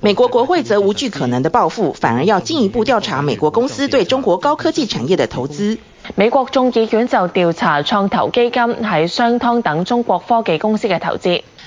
美國國會則無懼可能的報復，反而要進一步調查美國公司對中國高科技產業的投資。美國眾議院就調查創投基金喺商湯等中國科技公司嘅投資。